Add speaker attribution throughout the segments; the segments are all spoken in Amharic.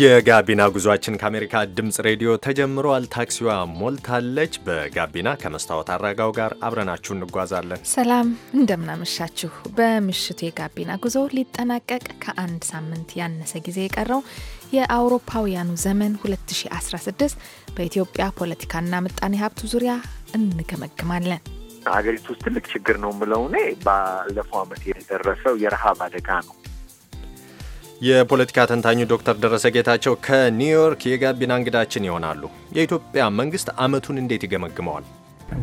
Speaker 1: የጋቢና ጉዟችን ከአሜሪካ ድምፅ ሬዲዮ ተጀምሯል። ታክሲዋ ሞልታለች። በጋቢና ከመስታወት አረጋው ጋር አብረናችሁ እንጓዛለን።
Speaker 2: ሰላም እንደምናመሻችሁ። በምሽቱ የጋቢና ጉዞ ሊጠናቀቅ ከአንድ ሳምንት ያነሰ ጊዜ የቀረው የአውሮፓውያኑ ዘመን 2016 በኢትዮጵያ ፖለቲካና ምጣኔ ሀብቱ ዙሪያ እንገመግማለን።
Speaker 3: ሀገሪቱ ውስጥ ትልቅ ችግር ነው የምለው እኔ ባለፈው ዓመት የደረሰው የረሃብ አደጋ ነው።
Speaker 1: የፖለቲካ ተንታኙ ዶክተር ደረሰ ጌታቸው ከኒውዮርክ የጋቢና እንግዳችን ይሆናሉ። የኢትዮጵያ መንግስት አመቱን እንዴት ይገመግመዋል?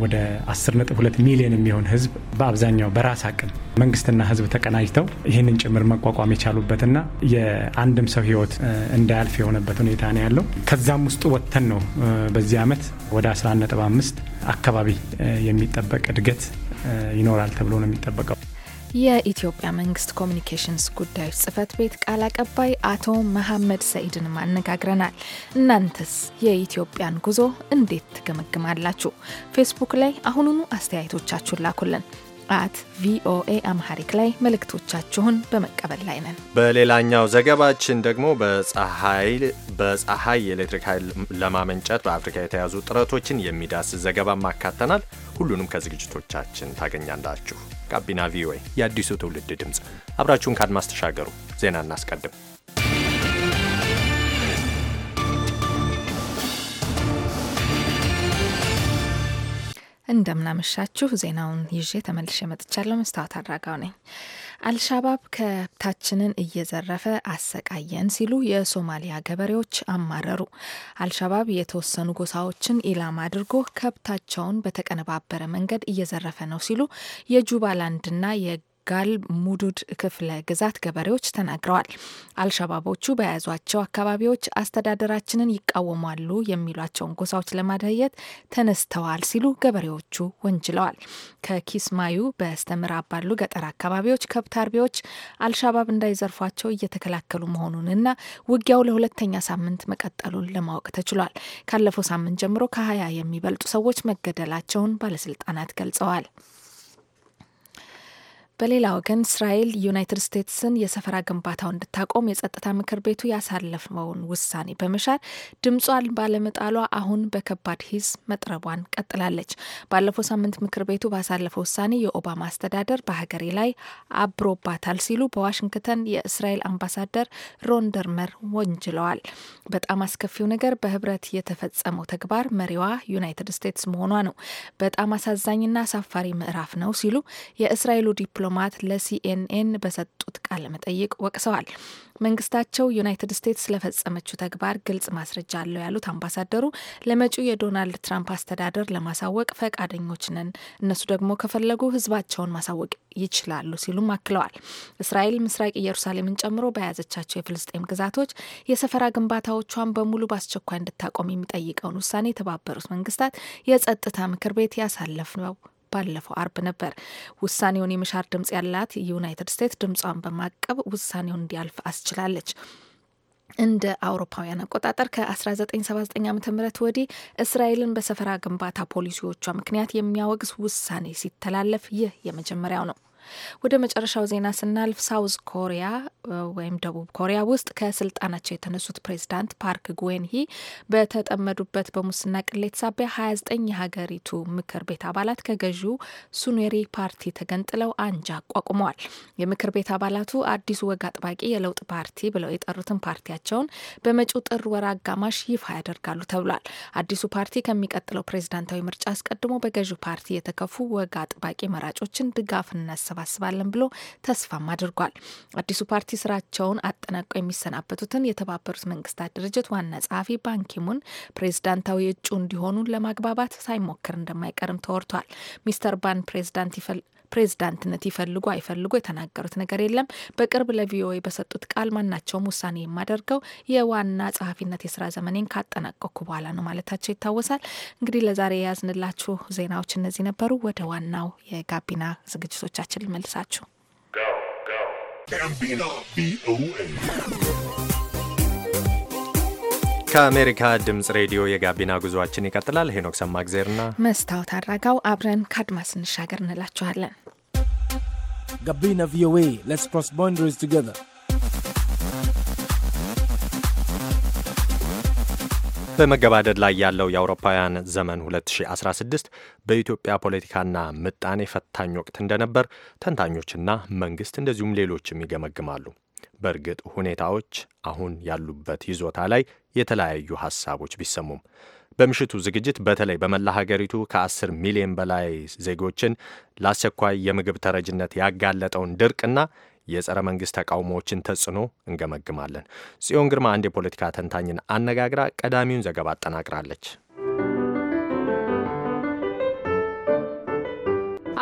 Speaker 4: ወደ 10.2 ሚሊዮን የሚሆን ህዝብ በአብዛኛው በራስ አቅም መንግስትና ህዝብ ተቀናጅተው ይህንን ጭምር መቋቋም የቻሉበትና የአንድም ሰው ህይወት እንዳያልፍ የሆነበት ሁኔታ ነው ያለው። ከዛም ውስጥ ወጥተን ነው በዚህ አመት ወደ 11.5 አካባቢ የሚጠበቅ እድገት
Speaker 2: ይኖራል ተብሎ ነው የሚጠበቀው። የኢትዮጵያ መንግስት ኮሚኒኬሽንስ ጉዳዮች ጽህፈት ቤት ቃል አቀባይ አቶ መሐመድ ሰኢድንም አነጋግረናል። እናንተስ የኢትዮጵያን ጉዞ እንዴት ትገመግማላችሁ? ፌስቡክ ላይ አሁኑኑ አስተያየቶቻችሁን ላኩልን። አት ቪኦኤ አምሐሪክ ላይ መልእክቶቻችሁን በመቀበል ላይ ነን።
Speaker 1: በሌላኛው ዘገባችን ደግሞ በፀሐይ የኤሌክትሪክ ኃይል ለማመንጨት በአፍሪካ የተያዙ ጥረቶችን የሚዳስስ ዘገባም አካተናል። ሁሉንም ከዝግጅቶቻችን ታገኛላችሁ። ጋቢና ቪኦኤ የአዲሱ ትውልድ ድምፅ። አብራችሁን ካድማስ ተሻገሩ። ዜና እናስቀድም።
Speaker 2: እንደምናመሻችሁ ዜናውን ይዤ ተመልሼ መጥቻለሁ። መስታወት አድራጋው ነኝ። አልሻባብ ከብታችንን እየዘረፈ አሰቃየን ሲሉ የሶማሊያ ገበሬዎች አማረሩ። አልሻባብ የተወሰኑ ጎሳዎችን ኢላማ አድርጎ ከብታቸውን በተቀነባበረ መንገድ እየዘረፈ ነው ሲሉ የጁባላንድና ጋል ሙዱድ ክፍለ ግዛት ገበሬዎች ተናግረዋል። አልሸባቦቹ በያዟቸው አካባቢዎች አስተዳደራችንን ይቃወማሉ የሚሏቸውን ጎሳዎች ለማደየት ተነስተዋል ሲሉ ገበሬዎቹ ወንጅለዋል። ከኪስማዩ በስተ ባሉ ገጠር አካባቢዎች ከብት አርቢዎች አልሻባብ እንዳይዘርፏቸው እየተከላከሉ መሆኑንና ውጊያው ለሁለተኛ ሳምንት መቀጠሉን ለማወቅ ተችሏል። ካለፈው ሳምንት ጀምሮ ከሀያ የሚበልጡ ሰዎች መገደላቸውን ባለስልጣናት ገልጸዋል። በሌላ ወገን እስራኤል ዩናይትድ ስቴትስን የሰፈራ ግንባታው እንድታቆም የጸጥታ ምክር ቤቱ ያሳለፈውን ውሳኔ በመሻር ድምጿን ባለመጣሏ አሁን በከባድ ሂስ መጥረቧን ቀጥላለች። ባለፈው ሳምንት ምክር ቤቱ ባሳለፈው ውሳኔ የኦባማ አስተዳደር በሀገሬ ላይ አብሮባታል ሲሉ በዋሽንግተን የእስራኤል አምባሳደር ሮንደርመር ወንጅለዋል። በጣም አስከፊው ነገር በህብረት የተፈጸመው ተግባር መሪዋ ዩናይትድ ስቴትስ መሆኗ ነው። በጣም አሳዛኝና አሳፋሪ ምዕራፍ ነው ሲሉ የእስራኤሉ ዲፕሎ ዲፕሎማት ለሲኤንኤን በሰጡት ቃለ መጠይቅ ወቅሰዋል። መንግስታቸው ዩናይትድ ስቴትስ ስለፈጸመችው ተግባር ግልጽ ማስረጃ አለው ያሉት አምባሳደሩ ለመጪው የዶናልድ ትራምፕ አስተዳደር ለማሳወቅ ፈቃደኞች ነን፣ እነሱ ደግሞ ከፈለጉ ህዝባቸውን ማሳወቅ ይችላሉ ሲሉም አክለዋል። እስራኤል ምስራቅ ኢየሩሳሌምን ጨምሮ በያዘቻቸው የፍልስጤም ግዛቶች የሰፈራ ግንባታዎቿን በሙሉ በአስቸኳይ እንድታቆም የሚጠይቀውን ውሳኔ የተባበሩት መንግስታት የጸጥታ ምክር ቤት ነው ባለፈው አርብ ነበር። ውሳኔውን የመሻር ድምጽ ያላት ዩናይትድ ስቴትስ ድምጿን በማቀብ ውሳኔውን እንዲያልፍ አስችላለች። እንደ አውሮፓውያን አቆጣጠር ከ1979 ዓ ም ወዲህ እስራኤልን በሰፈራ ግንባታ ፖሊሲዎቿ ምክንያት የሚያወግዝ ውሳኔ ሲተላለፍ ይህ የመጀመሪያው ነው። ወደ መጨረሻው ዜና ስናልፍ ሳውዝ ኮሪያ ወይም ደቡብ ኮሪያ ውስጥ ከስልጣናቸው የተነሱት ፕሬዚዳንት ፓርክ ጉዌንሂ በተጠመዱበት በሙስና ቅሌት ሳቢያ 29 የሀገሪቱ ምክር ቤት አባላት ከገዢው ሱኔሪ ፓርቲ ተገንጥለው አንጃ አቋቁመዋል። የምክር ቤት አባላቱ አዲሱ ወግ አጥባቂ የለውጥ ፓርቲ ብለው የጠሩትን ፓርቲያቸውን በመጪው ጥር ወር አጋማሽ ይፋ ያደርጋሉ ተብሏል። አዲሱ ፓርቲ ከሚቀጥለው ፕሬዚዳንታዊ ምርጫ አስቀድሞ በገዢው ፓርቲ የተከፉ ወግ አጥባቂ መራጮችን ድጋፍ እነሳ እናሰባስባለን ብሎ ተስፋም አድርጓል። አዲሱ ፓርቲ ስራቸውን አጠናቀው የሚሰናበቱትን የተባበሩት መንግስታት ድርጅት ዋና ጸሐፊ ባንኪሙን ፕሬዝዳንታዊ እጩ እንዲሆኑ ለማግባባት ሳይሞክር እንደማይቀርም ተወርቷል። ሚስተር ባን ፕሬዝዳንት ፕሬዝዳንትነት ይፈልጉ አይፈልጉ የተናገሩት ነገር የለም። በቅርብ ለቪኦኤ በሰጡት ቃል ማናቸውም ውሳኔ የማደርገው የዋና ጸሐፊነት የስራ ዘመኔን ካጠናቀኩ በኋላ ነው ማለታቸው ይታወሳል። እንግዲህ ለዛሬ የያዝንላችሁ ዜናዎች እነዚህ ነበሩ። ወደ ዋናው የጋቢና ዝግጅቶቻችን ልመልሳችሁ።
Speaker 1: ከአሜሪካ ድምፅ ሬዲዮ የጋቢና ጉዟችን ይቀጥላል። ሄኖክ ሰማግዜርና
Speaker 2: መስታወት አድራጋው አብረን ከአድማስ እንሻገር እንላችኋለን።
Speaker 5: Gabina VOA. Let's cross boundaries together.
Speaker 1: በመገባደድ ላይ ያለው የአውሮፓውያን ዘመን 2016 በኢትዮጵያ ፖለቲካና ምጣኔ ፈታኝ ወቅት እንደነበር ተንታኞችና መንግስት እንደዚሁም ሌሎችም ይገመግማሉ። በእርግጥ ሁኔታዎች አሁን ያሉበት ይዞታ ላይ የተለያዩ ሀሳቦች ቢሰሙም በምሽቱ ዝግጅት በተለይ በመላ ሀገሪቱ ከ10 ሚሊዮን በላይ ዜጎችን ለአስቸኳይ የምግብ ተረጅነት ያጋለጠውን ድርቅና የጸረ መንግሥት ተቃውሞዎችን ተጽዕኖ እንገመግማለን። ጽዮን ግርማ አንድ የፖለቲካ ተንታኝን አነጋግራ ቀዳሚውን ዘገባ አጠናቅራለች።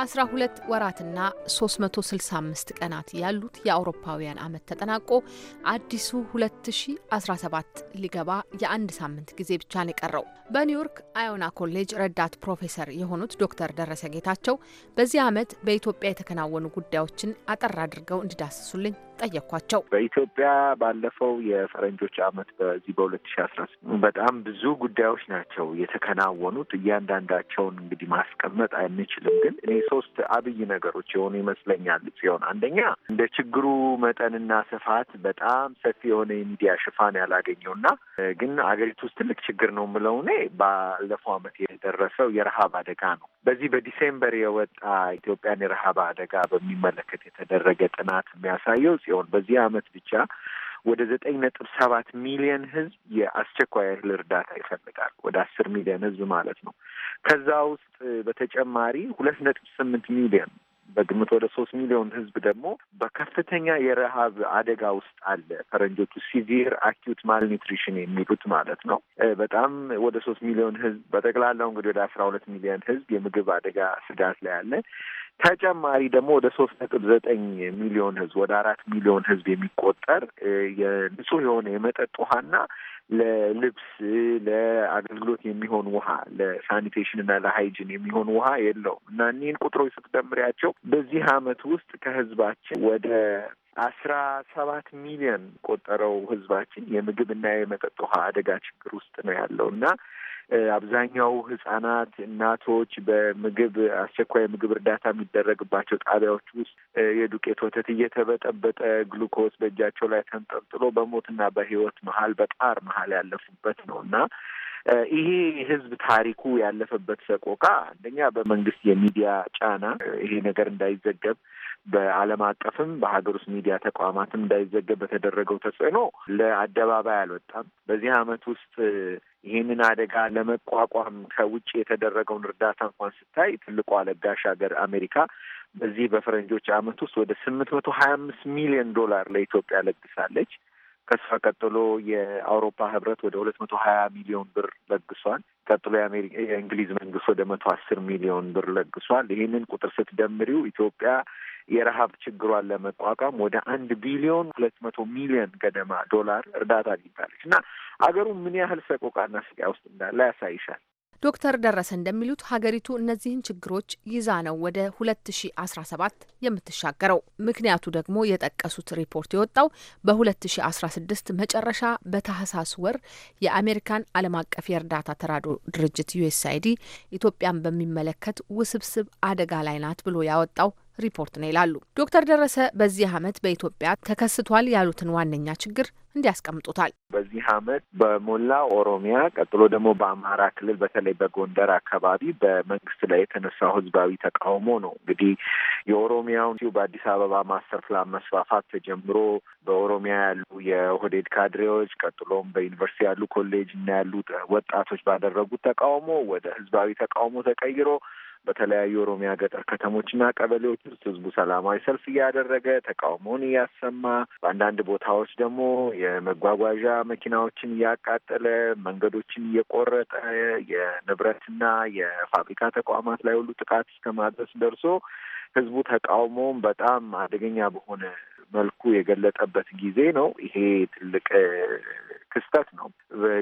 Speaker 6: 12 ወራትና 365 ቀናት ያሉት የአውሮፓውያን ዓመት ተጠናቆ አዲሱ 2017 ሊገባ የአንድ ሳምንት ጊዜ ብቻ ነው የቀረው። በኒውዮርክ አዮና ኮሌጅ ረዳት ፕሮፌሰር የሆኑት ዶክተር ደረሰ ጌታቸው በዚህ ዓመት በኢትዮጵያ የተከናወኑ ጉዳዮችን አጠር አድርገው እንዲዳስሱልኝ ጠየኳቸው። በኢትዮጵያ
Speaker 3: ባለፈው የፈረንጆች አመት በዚህ በሁለት ሺ አስራ ስምንት በጣም ብዙ ጉዳዮች ናቸው የተከናወኑት። እያንዳንዳቸውን እንግዲህ ማስቀመጥ አንችልም፣ ግን እኔ ሶስት አብይ ነገሮች የሆኑ ይመስለኛል ሲሆን አንደኛ እንደ ችግሩ መጠንና ስፋት በጣም ሰፊ የሆነ የሚዲያ ሽፋን ያላገኘው እና ግን አገሪቱ ውስጥ ትልቅ ችግር ነው የምለው እኔ ባለፈው አመት የደረሰው የረሃብ አደጋ ነው። በዚህ በዲሴምበር የወጣ ኢትዮጵያን የረሃብ አደጋ በሚመለከት የተደረገ ጥናት የሚያሳየው ሲሆን በዚህ አመት ብቻ ወደ ዘጠኝ ነጥብ ሰባት ሚሊዮን ህዝብ የአስቸኳይ እህል እርዳታ ይፈልጋል። ወደ አስር ሚሊዮን ህዝብ ማለት ነው። ከዛ ውስጥ በተጨማሪ ሁለት ነጥብ ስምንት ሚሊዮን በግምት ወደ ሶስት ሚሊዮን ህዝብ ደግሞ በከፍተኛ የረሃብ አደጋ ውስጥ አለ። ፈረንጆቹ ሲቪር አኪዩት ማልኒትሪሽን የሚሉት ማለት ነው። በጣም ወደ ሶስት ሚሊዮን ህዝብ በጠቅላላው እንግዲህ ወደ አስራ ሁለት ሚሊዮን ህዝብ የምግብ አደጋ ስጋት ላይ አለ። ተጨማሪ ደግሞ ወደ ሶስት ነጥብ ዘጠኝ ሚሊዮን ህዝብ ወደ አራት ሚሊዮን ህዝብ የሚቆጠር የንጹህ የሆነ የመጠጥ ውሃና ለልብስ ለአገልግሎት የሚሆን ውሃ ለሳኒቴሽን እና ለሃይጂን የሚሆን ውሃ የለውም እና እኒህን ቁጥሮች ስትደምሪያቸው በዚህ አመት ውስጥ ከህዝባችን ወደ አስራ ሰባት ሚሊዮን ቆጠረው ህዝባችን የምግብና የመጠጥ ውሃ አደጋ ችግር ውስጥ ነው ያለው እና አብዛኛው ህጻናት፣ እናቶች በምግብ አስቸኳይ ምግብ እርዳታ የሚደረግባቸው ጣቢያዎች ውስጥ የዱቄት ወተት እየተበጠበጠ ግሉኮስ በእጃቸው ላይ ተንጠልጥሎ በሞትና በህይወት መሀል በጣር መሀል ያለፉበት ነው እና ይሄ ህዝብ ታሪኩ ያለፈበት ሰቆቃ አንደኛ በመንግስት የሚዲያ ጫና ይሄ ነገር እንዳይዘገብ በዓለም አቀፍም በሀገር ውስጥ ሚዲያ ተቋማትም እንዳይዘገብ በተደረገው ተጽዕኖ ለአደባባይ አልወጣም። በዚህ ዓመት ውስጥ ይህንን አደጋ ለመቋቋም ከውጭ የተደረገውን እርዳታ እንኳን ስታይ ትልቁ አለጋሽ ሀገር አሜሪካ በዚህ በፈረንጆች ዓመት ውስጥ ወደ ስምንት መቶ ሀያ አምስት ሚሊዮን ዶላር ለኢትዮጵያ ለግሳለች። ከሷ ቀጥሎ የአውሮፓ ህብረት ወደ ሁለት መቶ ሀያ ሚሊዮን ብር ለግሷል። ቀጥሎ የእንግሊዝ መንግስት ወደ መቶ አስር ሚሊዮን ብር ለግሷል። ይህንን ቁጥር ስትደምሪው ኢትዮጵያ የረሀብ ችግሯን ለመቋቋም ወደ አንድ ቢሊዮን ሁለት መቶ ሚሊዮን ገደማ ዶላር እርዳታ አግኝታለች እና አገሩ ምን ያህል ሰቆቃና ስቃይ ውስጥ እንዳለ ያሳይሻል።
Speaker 6: ዶክተር ደረሰ እንደሚሉት ሀገሪቱ እነዚህን ችግሮች ይዛ ነው ወደ 2017 የምትሻገረው። ምክንያቱ ደግሞ የጠቀሱት ሪፖርት የወጣው በ2016 መጨረሻ በታህሳስ ወር የአሜሪካን ዓለም አቀፍ የእርዳታ ተራድኦ ድርጅት ዩኤስአይዲ ኢትዮጵያን በሚመለከት ውስብስብ አደጋ ላይ ናት ብሎ ያወጣው ሪፖርት ነው ይላሉ ዶክተር ደረሰ። በዚህ አመት በኢትዮጵያ ተከስቷል ያሉትን ዋነኛ ችግር እንዲያስቀምጡታል።
Speaker 3: በዚህ አመት በሞላ ኦሮሚያ፣ ቀጥሎ ደግሞ በአማራ ክልል በተለይ በጎንደር አካባቢ በመንግስት ላይ የተነሳው ህዝባዊ ተቃውሞ ነው። እንግዲህ የኦሮሚያውን በአዲስ አበባ ማስተር ፕላን መስፋፋት ተጀምሮ በኦሮሚያ ያሉ የኦህዴድ ካድሬዎች፣ ቀጥሎም በዩኒቨርሲቲ ያሉ ኮሌጅ እና ያሉ ወጣቶች ባደረጉት ተቃውሞ ወደ ህዝባዊ ተቃውሞ ተቀይሮ በተለያዩ የኦሮሚያ ገጠር ከተሞችና ቀበሌዎች ውስጥ ህዝቡ ሰላማዊ ሰልፍ እያደረገ ተቃውሞውን እያሰማ በአንዳንድ ቦታዎች ደግሞ የመጓጓዣ መኪናዎችን እያቃጠለ መንገዶችን እየቆረጠ የንብረትና የፋብሪካ ተቋማት ላይ ሁሉ ጥቃት እስከማድረስ ደርሶ ህዝቡ ተቃውሞውን በጣም አደገኛ በሆነ መልኩ የገለጠበት ጊዜ ነው። ይሄ ትልቅ ክስተት ነው።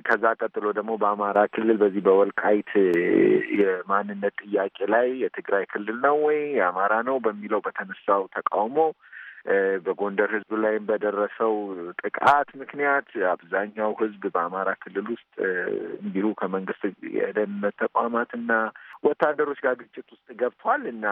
Speaker 3: ከዛ ቀጥሎ ደግሞ በአማራ ክልል በዚህ በወልቃይት የማንነት ጥያቄ ላይ የትግራይ ክልል ነው ወይ የአማራ ነው በሚለው በተነሳው ተቃውሞ በጎንደር ህዝብ ላይም በደረሰው ጥቃት ምክንያት አብዛኛው ህዝብ በአማራ ክልል ውስጥ እንዲሁ ከመንግስት የደህንነት ተቋማትና ወታደሮች ጋር ግጭት ውስጥ ገብቷል እና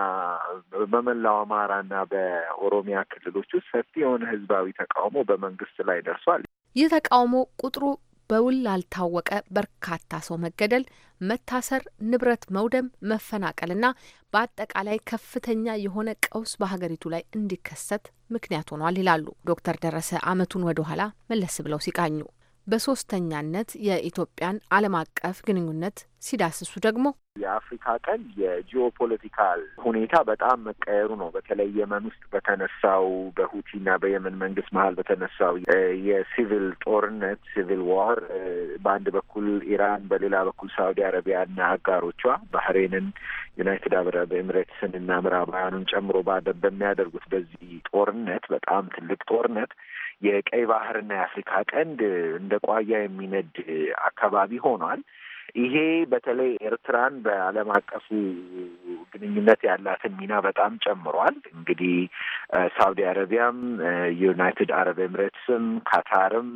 Speaker 3: በመላው አማራና በኦሮሚያ ክልሎች ውስጥ ሰፊ የሆነ ህዝባዊ ተቃውሞ በመንግስት ላይ
Speaker 6: ደርሷል። ይህ ተቃውሞ ቁጥሩ በውል ላልታወቀ በርካታ ሰው መገደል፣ መታሰር፣ ንብረት መውደም፣ መፈናቀልና በአጠቃላይ ከፍተኛ የሆነ ቀውስ በሀገሪቱ ላይ እንዲከሰት ምክንያት ሆኗል ይላሉ ዶክተር ደረሰ አመቱን ወደ ኋላ መለስ ብለው ሲቃኙ በሶስተኛነት የኢትዮጵያን ዓለም አቀፍ ግንኙነት ሲዳስሱ ደግሞ
Speaker 3: የአፍሪካ ቀንድ የጂኦፖለቲካል ሁኔታ በጣም መቀየሩ ነው። በተለይ የመን ውስጥ በተነሳው በሁቲና በየመን መንግስት መሀል በተነሳው የሲቪል ጦርነት ሲቪል ዋር በአንድ በኩል ኢራን፣ በሌላ በኩል አረቢያ አረቢያና አጋሮቿ ባህሬንን፣ ዩናይትድ አረብ ኤምሬትስን እና ምዕራባውያኑን ጨምሮ በሚያደርጉት በዚህ ጦርነት በጣም ትልቅ ጦርነት የቀይ ባህርና የአፍሪካ ቀንድ እንደ ቋያ የሚነድ አካባቢ ሆኗል። ይሄ በተለይ ኤርትራን በዓለም አቀፉ ግንኙነት ያላትን ሚና በጣም ጨምሯል። እንግዲህ ሳውዲ አረቢያም፣ ዩናይትድ አረብ ኤምሬትስም፣ ካታርም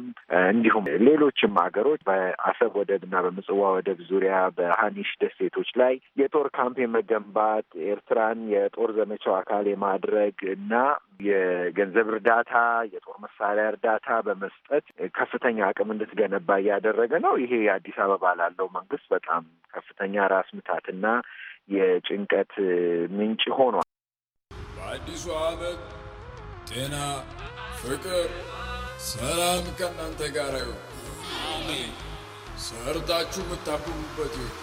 Speaker 3: እንዲሁም ሌሎችም ሀገሮች በአሰብ ወደብ እና በምጽዋ ወደብ ዙሪያ በሀኒሽ ደሴቶች ላይ የጦር ካምፕ የመገንባት ኤርትራን የጦር ዘመቻው አካል የማድረግ እና የገንዘብ እርዳታ፣ የጦር መሳሪያ እርዳታ በመስጠት ከፍተኛ አቅም እንድትገነባ እያደረገ ነው። ይሄ የአዲስ አበባ ላለው መንግስት በጣም ከፍተኛ ራስ ምታትና የጭንቀት ምንጭ ሆኗል። በአዲሱ ዓመት ጤና፣ ፍቅር፣ ሰላም
Speaker 5: ከእናንተ ጋር ይሁን። አሜን። ሰርታችሁ የምታብቡበት ይሁን።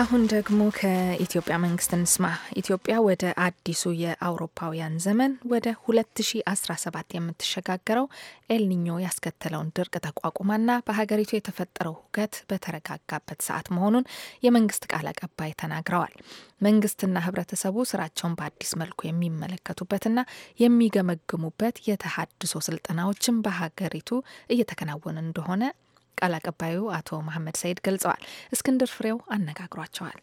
Speaker 2: አሁን ደግሞ ከኢትዮጵያ መንግስት እንስማ። ኢትዮጵያ ወደ አዲሱ የአውሮፓውያን ዘመን ወደ 2017 የምትሸጋገረው ኤልኒኞ ያስከተለውን ድርቅ ተቋቁማና በሀገሪቱ የተፈጠረው ሁከት በተረጋጋበት ሰዓት መሆኑን የመንግስት ቃል አቀባይ ተናግረዋል። መንግስትና ህብረተሰቡ ስራቸውን በአዲስ መልኩ የሚመለከቱበትና የሚገመግሙበት የተሃድሶ ስልጠናዎችን በሀገሪቱ እየተከናወኑ እንደሆነ ቃል አቀባዩ አቶ መሐመድ ሰይድ ገልጸዋል። እስክንድር ፍሬው አነጋግሯቸዋል።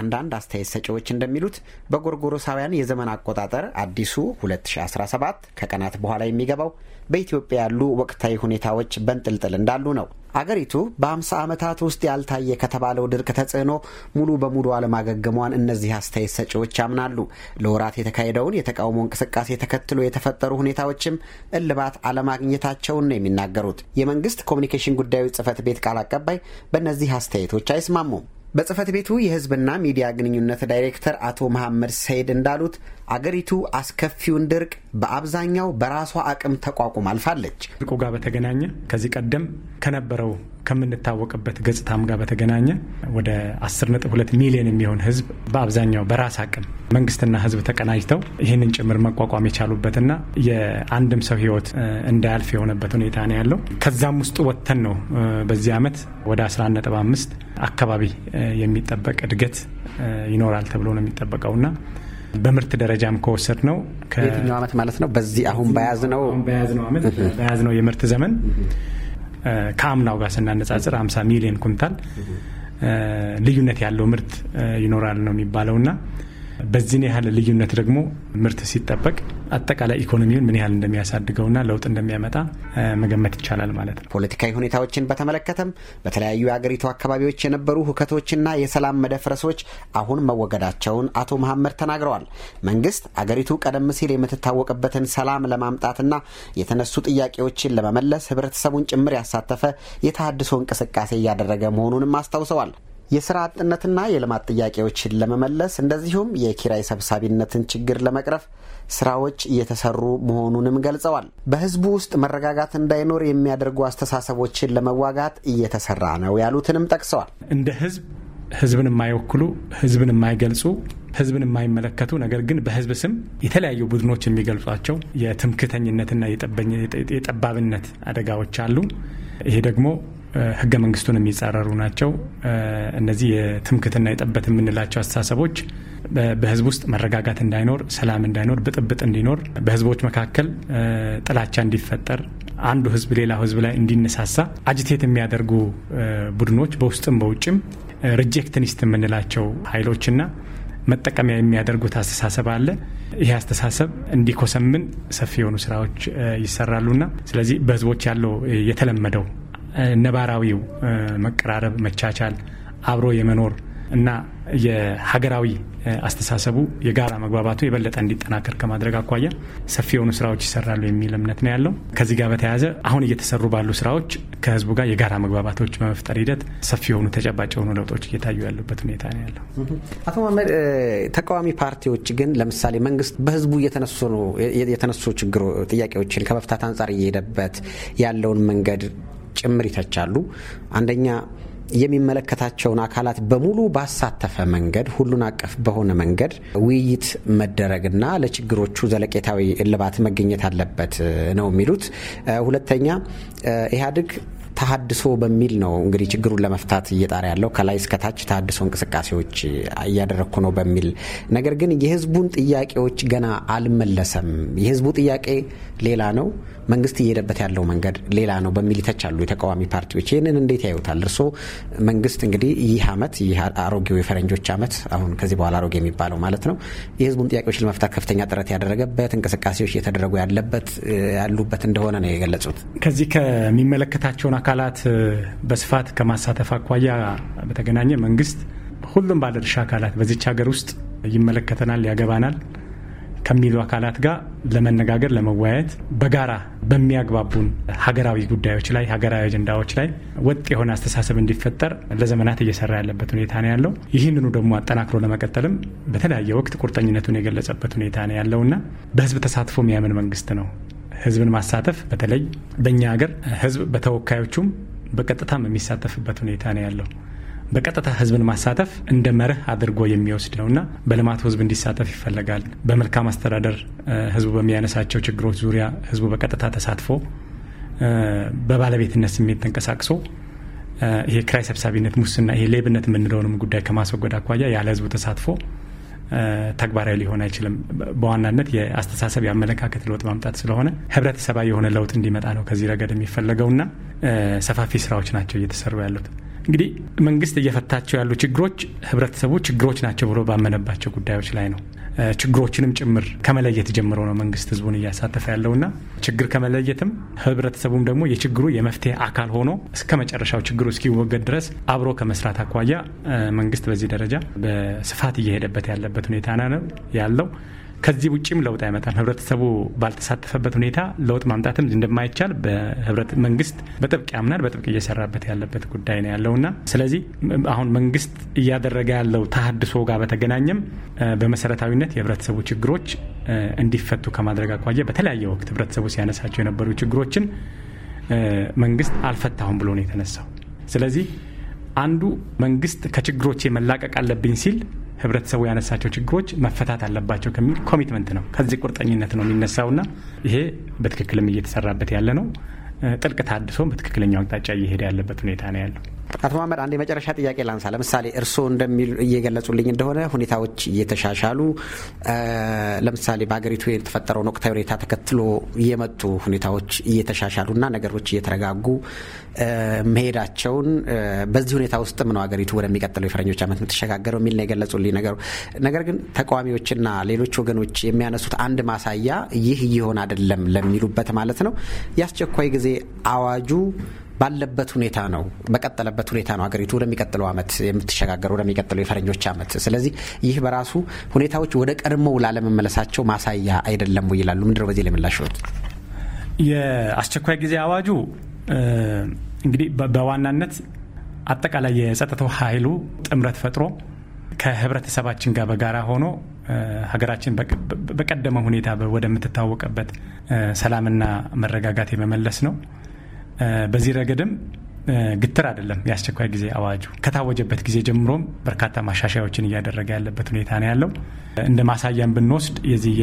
Speaker 7: አንዳንድ አስተያየት ሰጪዎች እንደሚሉት በጎርጎሮሳውያን የዘመን አቆጣጠር አዲሱ 2017 ከቀናት በኋላ የሚገባው በኢትዮጵያ ያሉ ወቅታዊ ሁኔታዎች በንጥልጥል እንዳሉ ነው። አገሪቱ በ50 ዓመታት ውስጥ ያልታየ ከተባለው ድርቅ ተጽዕኖ ሙሉ በሙሉ አለማገገሟን እነዚህ አስተያየት ሰጪዎች ያምናሉ። ለወራት የተካሄደውን የተቃውሞ እንቅስቃሴ ተከትሎ የተፈጠሩ ሁኔታዎችም እልባት አለማግኘታቸውን ነው የሚናገሩት። የመንግስት ኮሚኒኬሽን ጉዳዮች ጽህፈት ቤት ቃል አቀባይ በእነዚህ አስተያየቶች አይስማሙም። በጽህፈት ቤቱ የህዝብና ሚዲያ ግንኙነት ዳይሬክተር አቶ መሐመድ ሰይድ እንዳሉት አገሪቱ አስከፊውን ድርቅ በአብዛኛው በራሷ አቅም ተቋቁም
Speaker 4: አልፋለች። ድርቁ ጋር በተገናኘ ከዚህ ቀደም ከነበረው ከምንታወቅበት ገጽታም ጋር በተገናኘ ወደ 10.2 ሚሊዮን የሚሆን ህዝብ በአብዛኛው በራስ አቅም መንግስትና ህዝብ ተቀናጅተው ይህንን ጭምር መቋቋም የቻሉበትና የአንድም ሰው ህይወት እንዳያልፍ የሆነበት ሁኔታ ነው ያለው። ከዛም ውስጥ ወጥተን ነው በዚህ ዓመት ወደ 11.5 አካባቢ የሚጠበቅ እድገት ይኖራል ተብሎ ነው የሚጠበቀውና በምርት ደረጃም ከወሰድ ነው ከየትኛው ዓመት ማለት ነው በዚህ አሁን በያዝ ነው በያዝ ነው ዓመት በያዝ ነው የምርት ዘመን ከአምናው ጋር ስናነጻጽር 50 ሚሊዮን ኩንታል ልዩነት ያለው ምርት ይኖራል ነው የሚባለውና በዚህን ያህል ልዩነት ደግሞ ምርት ሲጠበቅ አጠቃላይ ኢኮኖሚውን ምን ያህል እንደሚያሳድገውና ለውጥ እንደሚያመጣ መገመት ይቻላል ማለት ነው። ፖለቲካዊ
Speaker 7: ሁኔታዎችን በተመለከተም በተለያዩ የአገሪቱ አካባቢዎች የነበሩ ሁከቶችና የሰላም መደፍረሶች አሁን መወገዳቸውን አቶ መሐመድ ተናግረዋል። መንግስት አገሪቱ ቀደም ሲል የምትታወቅበትን ሰላም ለማምጣትና የተነሱ ጥያቄዎችን ለመመለስ ህብረተሰቡን ጭምር ያሳተፈ የተሃድሶ እንቅስቃሴ እያደረገ መሆኑንም አስታውሰዋል። የስራ አጥነትና የልማት ጥያቄዎችን ለመመለስ እንደዚሁም የኪራይ ሰብሳቢነትን ችግር ለመቅረፍ ስራዎች እየተሰሩ መሆኑንም ገልጸዋል። በህዝቡ ውስጥ መረጋጋት እንዳይኖር የሚያደርጉ አስተሳሰቦችን ለመዋጋት እየተሰራ ነው ያሉትንም ጠቅሰዋል።
Speaker 4: እንደ ህዝብ ህዝብን የማይወክሉ ህዝብን የማይገልጹ ህዝብን የማይመለከቱ ነገር ግን በህዝብ ስም የተለያዩ ቡድኖች የሚገልጿቸው የትምክተኝነትና የጠባብነት አደጋዎች አሉ። ይሄ ደግሞ ህገ መንግስቱን የሚጻረሩ ናቸው። እነዚህ የትምክትና የጠበት የምንላቸው አስተሳሰቦች በህዝብ ውስጥ መረጋጋት እንዳይኖር፣ ሰላም እንዳይኖር፣ ብጥብጥ እንዲኖር፣ በህዝቦች መካከል ጥላቻ እንዲፈጠር፣ አንዱ ህዝብ ሌላ ህዝብ ላይ እንዲነሳሳ አጅቴት የሚያደርጉ ቡድኖች በውስጥም በውጭም ሪጀክትኒስት የምንላቸው ኃይሎችና መጠቀሚያ የሚያደርጉት አስተሳሰብ አለ። ይህ አስተሳሰብ እንዲኮሰምን ሰፊ የሆኑ ስራዎች ይሰራሉና ስለዚህ በህዝቦች ያለው የተለመደው ነባራዊው መቀራረብ፣ መቻቻል፣ አብሮ የመኖር እና የሀገራዊ አስተሳሰቡ የጋራ መግባባቱ የበለጠ እንዲጠናከር ከማድረግ አኳያ ሰፊ የሆኑ ስራዎች ይሰራሉ የሚል እምነት ነው ያለው። ከዚህ ጋር በተያያዘ አሁን እየተሰሩ ባሉ ስራዎች ከህዝቡ ጋር የጋራ መግባባቶች በመፍጠር ሂደት ሰፊ የሆኑ ተጨባጭ የሆኑ ለውጦች እየታዩ ያሉበት ሁኔታ ነው ያለው።
Speaker 7: አቶ መሀመድ፣ ተቃዋሚ ፓርቲዎች ግን ለምሳሌ መንግስት በህዝቡ እየተነሱ ነው የተነሱ ችግሮ ጥያቄዎችን ከመፍታት አንጻር እየሄደበት ያለውን መንገድ ጭምር ይተቻሉ። አንደኛ የሚመለከታቸውን አካላት በሙሉ ባሳተፈ መንገድ ሁሉን አቀፍ በሆነ መንገድ ውይይት መደረግና ለችግሮቹ ዘለቄታዊ እልባት መገኘት አለበት ነው የሚሉት። ሁለተኛ ኢህአዴግ ተሀድሶ በሚል ነው እንግዲህ ችግሩን ለመፍታት እየጣረ ያለው ከላይ እስከታች ተሀድሶ እንቅስቃሴዎች እያደረግኩ ነው በሚል ነገር ግን የህዝቡን ጥያቄዎች ገና አልመለሰም። የህዝቡ ጥያቄ ሌላ ነው፣ መንግስት እየሄደበት ያለው መንገድ ሌላ ነው በሚል ይተቻሉ የተቃዋሚ ፓርቲዎች። ይህንን እንዴት ያዩታል? እርስዎ መንግስት እንግዲህ ይህ አመት ይህ አሮጌው የፈረንጆች አመት አሁን ከዚህ በኋላ አሮጌ የሚባለው ማለት ነው የህዝቡን ጥያቄዎች ለመፍታት ከፍተኛ ጥረት ያደረገበት እንቅስቃሴዎች እየተደረጉ ያለበት ያሉበት እንደሆነ ነው የገለጹት።
Speaker 4: ከዚህ ከሚመለከታቸውን አካላት በስፋት ከማሳተፍ አኳያ በተገናኘ መንግስት ሁሉም ባለድርሻ አካላት በዚች ሀገር ውስጥ ይመለከተናል፣ ያገባናል ከሚሉ አካላት ጋር ለመነጋገር ለመወያየት በጋራ በሚያግባቡን ሀገራዊ ጉዳዮች ላይ ሀገራዊ አጀንዳዎች ላይ ወጥ የሆነ አስተሳሰብ እንዲፈጠር ለዘመናት እየሰራ ያለበት ሁኔታ ነው ያለው። ይህንኑ ደግሞ አጠናክሮ ለመቀጠልም በተለያየ ወቅት ቁርጠኝነቱን የገለጸበት ሁኔታ ነው ያለውና በህዝብ ተሳትፎ የሚያምን መንግስት ነው። ህዝብን ማሳተፍ በተለይ በእኛ ሀገር ህዝብ በተወካዮቹም በቀጥታም የሚሳተፍበት ሁኔታ ነው ያለው። በቀጥታ ህዝብን ማሳተፍ እንደ መርህ አድርጎ የሚወስድ ነውና በልማቱ ህዝብ እንዲሳተፍ ይፈለጋል። በመልካም አስተዳደር ህዝቡ በሚያነሳቸው ችግሮች ዙሪያ ህዝቡ በቀጥታ ተሳትፎ በባለቤትነት ስሜት ተንቀሳቅሶ ይሄ ክራይ ሰብሳቢነት፣ ሙስና፣ ይሄ ሌብነት የምንለውንም ጉዳይ ከማስወገድ አኳያ ያለ ህዝቡ ተሳትፎ ተግባራዊ ሊሆን አይችልም። በዋናነት የአስተሳሰብ የአመለካከት ለውጥ ማምጣት ስለሆነ ህብረተሰባዊ የሆነ ለውጥ እንዲመጣ ነው ከዚህ ረገድ የሚፈለገውና ሰፋፊ ስራዎች ናቸው እየተሰሩ ያሉት። እንግዲህ መንግስት እየፈታቸው ያሉ ችግሮች ህብረተሰቡ ችግሮች ናቸው ብሎ ባመነባቸው ጉዳዮች ላይ ነው ችግሮችንም ጭምር ከመለየት ጀምሮ ነው መንግስት ህዝቡን እያሳተፈ ያለውና ችግር ከመለየትም ህብረተሰቡም ደግሞ የችግሩ የመፍትሄ አካል ሆኖ እስከ መጨረሻው ችግሩ እስኪወገድ ድረስ አብሮ ከመስራት አኳያ መንግስት በዚህ ደረጃ በስፋት እየሄደበት ያለበት ሁኔታ ነው ያለው። ከዚህ ውጭም ለውጥ አይመጣም። ህብረተሰቡ ባልተሳተፈበት ሁኔታ ለውጥ ማምጣትም እንደማይቻል በህብረት መንግስት በጥብቅ ያምናል። በጥብቅ እየሰራበት ያለበት ጉዳይ ነው ያለውና ስለዚህ አሁን መንግስት እያደረገ ያለው ተሀድሶ ጋር በተገናኘም በመሰረታዊነት የህብረተሰቡ ችግሮች እንዲፈቱ ከማድረግ አኳያ በተለያየ ወቅት ህብረተሰቡ ሲያነሳቸው የነበሩ ችግሮችን መንግስት አልፈታሁም ብሎ ነው የተነሳው። ስለዚህ አንዱ መንግስት ከችግሮቼ መላቀቅ አለብኝ ሲል ህብረተሰቡ ያነሳቸው ችግሮች መፈታት አለባቸው ከሚል ኮሚትመንት ነው፣ ከዚህ ቁርጠኝነት ነው የሚነሳውና ይሄ በትክክልም እየተሰራበት ያለ ነው። ጥልቅ ታድሶም በትክክለኛው አቅጣጫ እየሄደ ያለበት ሁኔታ ነው ያለው።
Speaker 7: አቶ መሀመድ አንድ የመጨረሻ ጥያቄ ላንሳ። ለምሳሌ እርስዎ እንደሚሉ እየገለጹልኝ እንደሆነ ሁኔታዎች እየተሻሻሉ ለምሳሌ በሀገሪቱ የተፈጠረውን ወቅታዊ ሁኔታ ተከትሎ እየመጡ ሁኔታዎች እየተሻሻሉና ነገሮች እየተረጋጉ መሄዳቸውን በዚህ ሁኔታ ውስጥም ነው ሀገሪቱ ወደሚቀጥለው የፈረኞች ዓመት የምትሸጋገረው የሚል ነው የገለጹልኝ ነገሩ። ነገር ግን ተቃዋሚዎችና ሌሎች ወገኖች የሚያነሱት አንድ ማሳያ ይህ እየሆነ አይደለም ለሚሉበት ማለት ነው የአስቸኳይ ጊዜ አዋጁ ባለበት ሁኔታ ነው በቀጠለበት ሁኔታ ነው ሀገሪቱ ወደሚቀጥለው ዓመት የምትሸጋገር ወደሚቀጥለው የፈረንጆች ዓመት። ስለዚህ ይህ በራሱ ሁኔታዎች ወደ ቀድሞው ላለመመለሳቸው ማሳያ አይደለም ወይ ይላሉ። ምንድነው በዚህ ላይ
Speaker 4: የአስቸኳይ ጊዜ አዋጁ እንግዲህ በዋናነት አጠቃላይ የጸጥታው ኃይሉ ጥምረት ፈጥሮ ከህብረተሰባችን ጋር በጋራ ሆኖ ሀገራችን በቀደመ ሁኔታ ወደምትታወቅበት ሰላምና መረጋጋት የመመለስ ነው። በዚህ ረገድም ግትር አይደለም። የአስቸኳይ ጊዜ አዋጁ ከታወጀበት ጊዜ ጀምሮም በርካታ ማሻሻያዎችን እያደረገ ያለበት ሁኔታ ነው ያለው። እንደ ማሳያም ብንወስድ የዚህ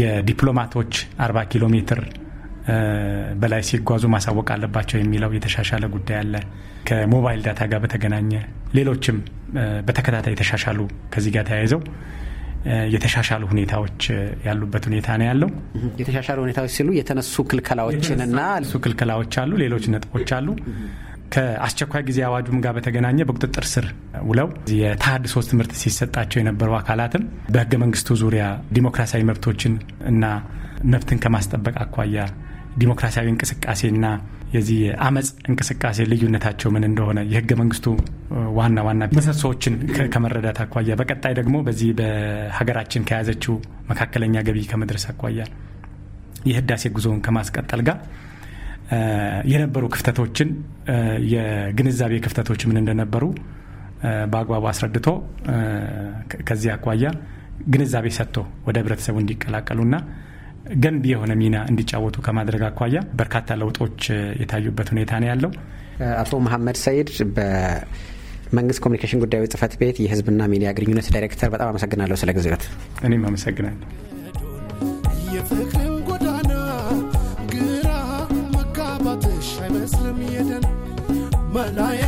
Speaker 4: የዲፕሎማቶች 40 ኪሎ ሜትር በላይ ሲጓዙ ማሳወቅ አለባቸው የሚለው የተሻሻለ ጉዳይ አለ። ከሞባይል ዳታ ጋር በተገናኘ ሌሎችም በተከታታይ የተሻሻሉ ከዚህ ጋር ተያይዘው የተሻሻሉ ሁኔታዎች ያሉበት ሁኔታ ነው ያለው። የተሻሻሉ ሁኔታዎች ሲሉ የተነሱ ክልከላዎችንና እሱ ክልከላዎች አሉ፣ ሌሎች ነጥቦች አሉ። ከአስቸኳይ ጊዜ አዋጁም ጋር በተገናኘ በቁጥጥር ስር ውለው የተሃድሶ ትምህርት ሲሰጣቸው የነበሩ አካላትም በህገ መንግስቱ ዙሪያ ዲሞክራሲያዊ መብቶችን እና መብትን ከማስጠበቅ አኳያ ዲሞክራሲያዊ እንቅስቃሴና የዚህ የአመፅ እንቅስቃሴ ልዩነታቸው ምን እንደሆነ የህገ መንግስቱ ዋና ዋና ምሰሶዎችን ከመረዳት አኳያ በቀጣይ ደግሞ በዚህ በሀገራችን ከያዘችው መካከለኛ ገቢ ከመድረስ አኳያ የህዳሴ ጉዞውን ከማስቀጠል ጋር የነበሩ ክፍተቶችን የግንዛቤ ክፍተቶች ምን እንደነበሩ በአግባቡ አስረድቶ ከዚህ አኳያ ግንዛቤ ሰጥቶ ወደ ህብረተሰቡ እንዲቀላቀሉና ገንቢ የሆነ ሚና እንዲጫወቱ ከማድረግ አኳያ በርካታ ለውጦች የታዩበት ሁኔታ ነው ያለው።
Speaker 7: አቶ መሀመድ ሰይድ በመንግስት ኮሚኒኬሽን ጉዳዮች ጽህፈት ቤት የህዝብና ሚዲያ ግንኙነት ዳይሬክተር፣ በጣም አመሰግናለሁ ስለ ጊዜዎት።
Speaker 4: እኔም አመሰግናለሁ።
Speaker 5: የፍቅርን ጎዳና ግራ መጋባትሽ አይመስልም የደን መላየ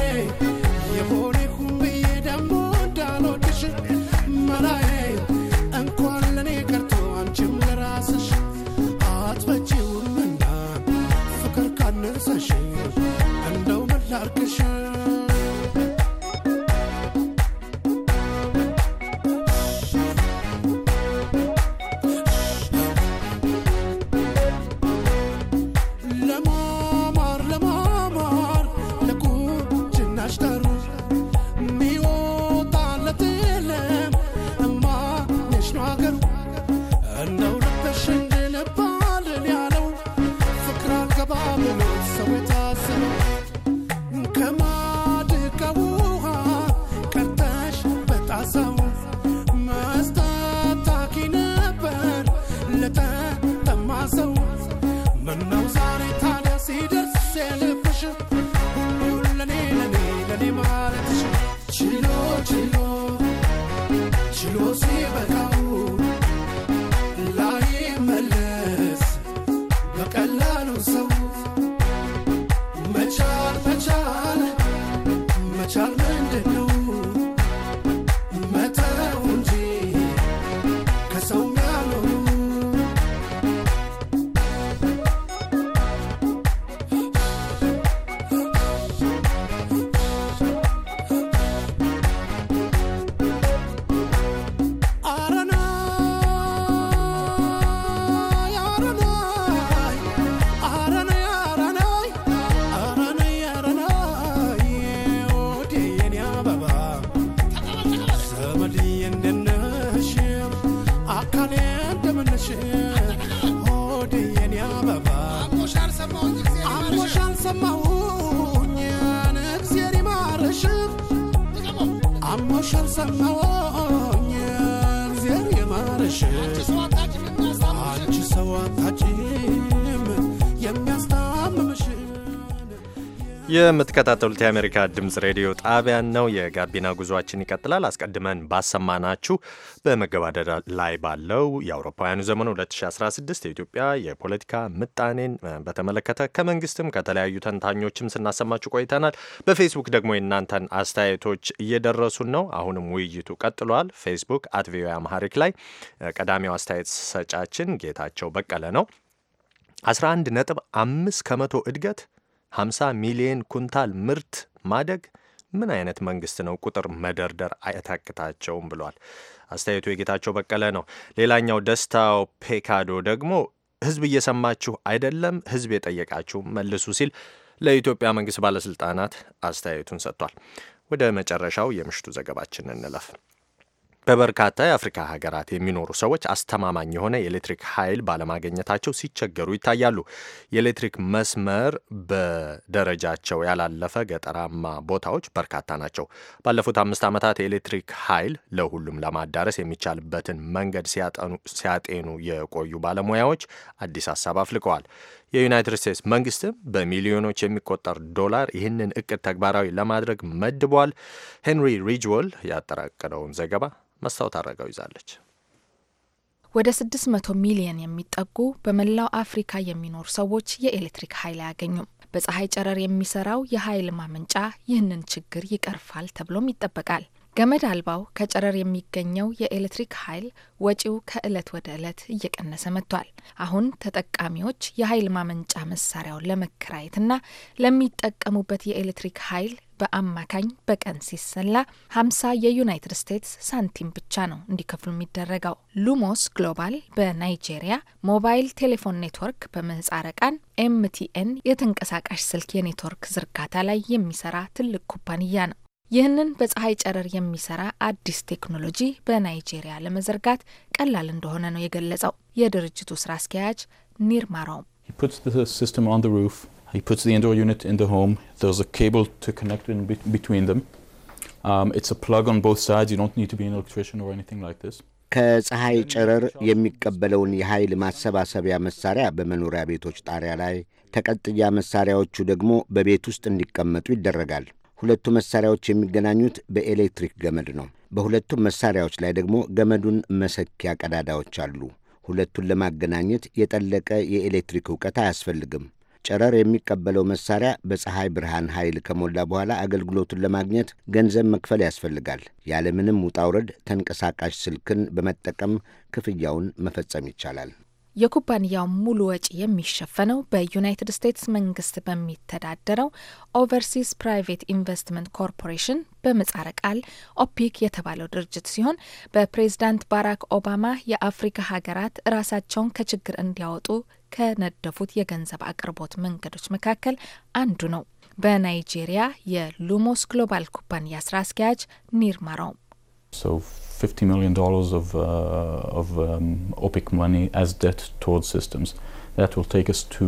Speaker 1: የምትከታተሉት የአሜሪካ ድምፅ ሬዲዮ ጣቢያን ነው። የጋቢና ጉዟችን ይቀጥላል። አስቀድመን ባሰማናችሁ በመገባደድ ላይ ባለው የአውሮፓውያኑ ዘመን 2016 የኢትዮጵያ የፖለቲካ ምጣኔን በተመለከተ ከመንግስትም ከተለያዩ ተንታኞችም ስናሰማችሁ ቆይተናል። በፌስቡክ ደግሞ የእናንተን አስተያየቶች እየደረሱን ነው። አሁንም ውይይቱ ቀጥሏል። ፌስቡክ አት ቪኦኤ አማሪክ ላይ ቀዳሚው አስተያየት ሰጫችን ጌታቸው በቀለ ነው። 11 ነጥብ 5 ከመቶ እድገት 50 ሚሊዮን ኩንታል ምርት ማደግ ምን አይነት መንግስት ነው? ቁጥር መደርደር አያታቅታቸውም ብሏል። አስተያየቱ የጌታቸው በቀለ ነው። ሌላኛው ደስታው ፔካዶ ደግሞ ህዝብ እየሰማችሁ አይደለም፣ ህዝብ የጠየቃችሁ መልሱ ሲል ለኢትዮጵያ መንግስት ባለስልጣናት አስተያየቱን ሰጥቷል። ወደ መጨረሻው የምሽቱ ዘገባችን እንለፍ። በበርካታ የአፍሪካ ሀገራት የሚኖሩ ሰዎች አስተማማኝ የሆነ የኤሌክትሪክ ኃይል ባለማግኘታቸው ሲቸገሩ ይታያሉ። የኤሌክትሪክ መስመር በደረጃቸው ያላለፈ ገጠራማ ቦታዎች በርካታ ናቸው። ባለፉት አምስት ዓመታት የኤሌክትሪክ ኃይል ለሁሉም ለማዳረስ የሚቻልበትን መንገድ ሲያጤኑ የቆዩ ባለሙያዎች አዲስ ሀሳብ አፍልቀዋል። የዩናይትድ ስቴትስ መንግስትም በሚሊዮኖች የሚቆጠር ዶላር ይህንን እቅድ ተግባራዊ ለማድረግ መድቧል። ሄንሪ ሪጅወል ያጠራቀረውን ዘገባ መስታወት አድረገው ይዛለች።
Speaker 2: ወደ 600 ሚሊየን የሚጠጉ በመላው አፍሪካ የሚኖሩ ሰዎች የኤሌክትሪክ ኃይል አያገኙም። በፀሐይ ጨረር የሚሰራው የኃይል ማመንጫ ይህንን ችግር ይቀርፋል ተብሎም ይጠበቃል። ገመድ አልባው ከጨረር የሚገኘው የኤሌክትሪክ ኃይል ወጪው ከእለት ወደ እለት እየቀነሰ መጥቷል። አሁን ተጠቃሚዎች የኃይል ማመንጫ መሳሪያውን ለመከራየትና ለሚጠቀሙበት የኤሌክትሪክ ኃይል በአማካኝ በቀን ሲሰላ 50 የዩናይትድ ስቴትስ ሳንቲም ብቻ ነው እንዲከፍሉ የሚደረገው። ሉሞስ ግሎባል በናይጄሪያ ሞባይል ቴሌፎን ኔትወርክ በምህጻረ ኤምቲኤን የተንቀሳቃሽ ስልክ የኔትወርክ ዝርጋታ ላይ የሚሰራ ትልቅ ኩባንያ ነው። ይህንን በፀሐይ ጨረር የሚሰራ አዲስ ቴክኖሎጂ በናይጄሪያ ለመዘርጋት ቀላል እንደሆነ ነው የገለጸው የድርጅቱ ስራ አስኪያጅ ማራውም።
Speaker 4: um, ከፀሐይ
Speaker 7: ጨረር የሚቀበለውን የኃይል ማሰባሰቢያ መሳሪያ በመኖሪያ ቤቶች ጣሪያ ላይ፣ ተቀጥያ መሳሪያዎቹ ደግሞ በቤት ውስጥ እንዲቀመጡ ይደረጋል። ሁለቱ መሳሪያዎች የሚገናኙት በኤሌክትሪክ ገመድ ነው። በሁለቱም መሳሪያዎች ላይ ደግሞ ገመዱን መሰኪያ ቀዳዳዎች አሉ። ሁለቱን ለማገናኘት የጠለቀ የኤሌክትሪክ እውቀት አያስፈልግም። ጨረር የሚቀበለው መሳሪያ በፀሐይ ብርሃን ኃይል ከሞላ በኋላ አገልግሎቱን ለማግኘት ገንዘብ መክፈል ያስፈልጋል። ያለምንም ውጣውረድ ተንቀሳቃሽ ስልክን በመጠቀም ክፍያውን መፈጸም ይቻላል።
Speaker 2: የኩባንያው ሙሉ ወጪ የሚሸፈነው በዩናይትድ ስቴትስ መንግስት በሚተዳደረው ኦቨርሲስ ፕራይቬት ኢንቨስትመንት ኮርፖሬሽን በምህጻረ ቃል ኦፒክ የተባለው ድርጅት ሲሆን በፕሬዝዳንት ባራክ ኦባማ የአፍሪካ ሀገራት ራሳቸውን ከችግር እንዲያወጡ ከነደፉት የገንዘብ አቅርቦት መንገዶች መካከል አንዱ ነው። በናይጄሪያ የሉሞስ ግሎባል ኩባንያ ስራ አስኪያጅ ኒርማራው
Speaker 4: So $50 million of, uh, of um, OPIC money as debt towards systems. That will take us to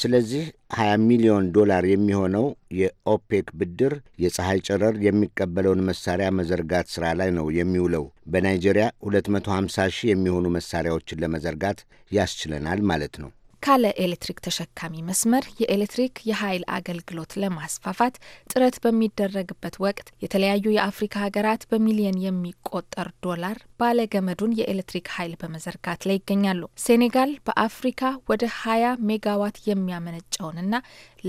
Speaker 4: ስለዚህ 20 ሚሊዮን ዶላር የሚሆነው
Speaker 7: የኦፔክ ብድር የፀሐይ ጨረር የሚቀበለውን መሳሪያ መዘርጋት ሥራ ላይ ነው የሚውለው። በናይጄሪያ 250 ሺህ የሚሆኑ መሳሪያዎችን ለመዘርጋት ያስችለናል ማለት ነው።
Speaker 2: ካለ ኤሌክትሪክ ተሸካሚ መስመር የኤሌክትሪክ የኃይል አገልግሎት ለማስፋፋት ጥረት በሚደረግበት ወቅት የተለያዩ የአፍሪካ ሀገራት በሚሊየን የሚቆጠር ዶላር ባለገመዱን የኤሌክትሪክ ኃይል በመዘርጋት ላይ ይገኛሉ። ሴኔጋል በአፍሪካ ወደ 20 ሜጋዋት የሚያመነጨውንና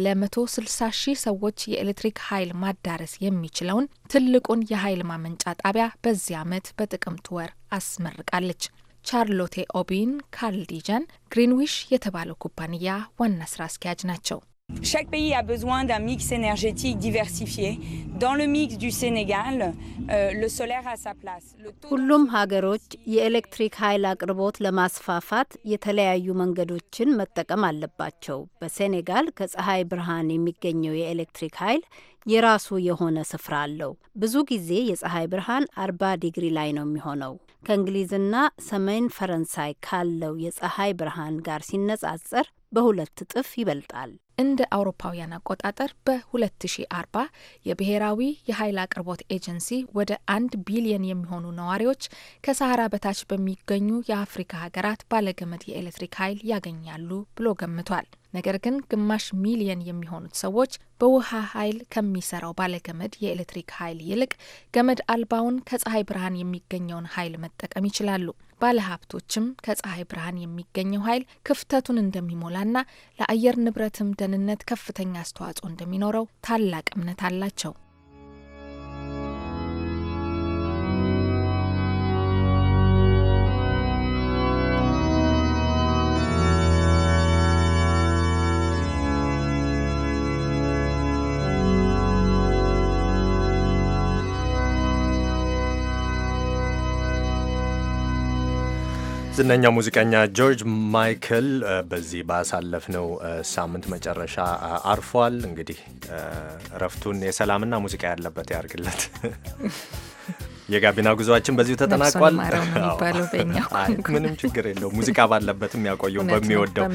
Speaker 2: ለ160 ሺህ ሰዎች የኤሌክትሪክ ኃይል ማዳረስ የሚችለውን ትልቁን የኃይል ማመንጫ ጣቢያ በዚህ ዓመት በጥቅምት ወር አስመርቃለች። ቻርሎቴ ኦቢን ካልዲጀን ግሪንዊሽ የተባለው ኩባንያ ዋና ስራ አስኪያጅ ናቸው። Chaque pays a besoin d'un mix énergétique diversifié. Dans le mix du Sénégal, euh, le solaire a sa place. ሁሉም ሀገሮች የኤሌክትሪክ ኃይል አቅርቦት ለማስፋፋት የተለያዩ መንገዶችን መጠቀም አለባቸው። በሴኔጋል ከፀሐይ ብርሃን የሚገኘው የኤሌክትሪክ ኃይል የራሱ የሆነ ስፍራ አለው። ብዙ ጊዜ የፀሐይ ብርሃን አርባ ዲግሪ ላይ ነው የሚሆነው። ከእንግሊዝና ሰሜን ፈረንሳይ ካለው የፀሐይ ብርሃን ጋር ሲነጻጸር በሁለት እጥፍ ይበልጣል። እንደ አውሮፓውያን አቆጣጠር በ2040 የብሔራዊ የኃይል አቅርቦት ኤጀንሲ ወደ አንድ ቢሊየን የሚሆኑ ነዋሪዎች ከሰሃራ በታች በሚገኙ የአፍሪካ ሀገራት ባለገመድ የኤሌክትሪክ ኃይል ያገኛሉ ብሎ ገምቷል። ነገር ግን ግማሽ ሚሊየን የሚሆኑት ሰዎች በውሃ ኃይል ከሚሰራው ባለገመድ የኤሌክትሪክ ኃይል ይልቅ ገመድ አልባውን ከፀሐይ ብርሃን የሚገኘውን ኃይል መጠቀም ይችላሉ። ባለሀብቶችም ከፀሐይ ብርሃን የሚገኘው ኃይል ክፍተቱን እንደሚሞላና ለአየር ንብረትም ደህንነት ከፍተኛ አስተዋጽኦ እንደሚኖረው ታላቅ እምነት አላቸው።
Speaker 1: ዝነኛው ሙዚቀኛ ጆርጅ ማይክል በዚህ ባሳለፍነው ሳምንት መጨረሻ አርፏል። እንግዲህ እረፍቱን የሰላምና ሙዚቃ ያለበት ያርግለት። የጋቢና ጉዞአችን በዚሁ ተጠናቋል። ምንም ችግር የለው። ሙዚቃ ባለበትም ያቆየው በሚወደው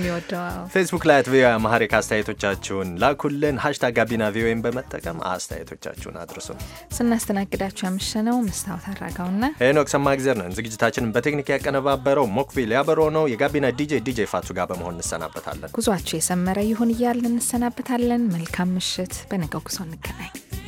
Speaker 1: ፌስቡክ ላይ አት ቪኦኤ አማሪክ አስተያየቶቻችሁን ላኩልን። ሀሽታግ ጋቢና ቪኦኤን በመጠቀም አስተያየቶቻችሁን አድርሱን።
Speaker 2: ስናስተናግዳችሁ ያምሸነው መስታወት አራጋውና
Speaker 1: ሄኖክ ሰማእግዜር ነን። ዝግጅታችንን በቴክኒክ ያቀነባበረው ሞክቪል ያበሮ ነው። የጋቢና ዲጄ ዲጄ ፋቱ ጋር በመሆን እንሰናበታለን።
Speaker 2: ጉዞአችሁ የሰመረ ይሁን እያል እንሰናበታለን። መልካም ምሽት። በነገው ጉዞ እንገናኝ።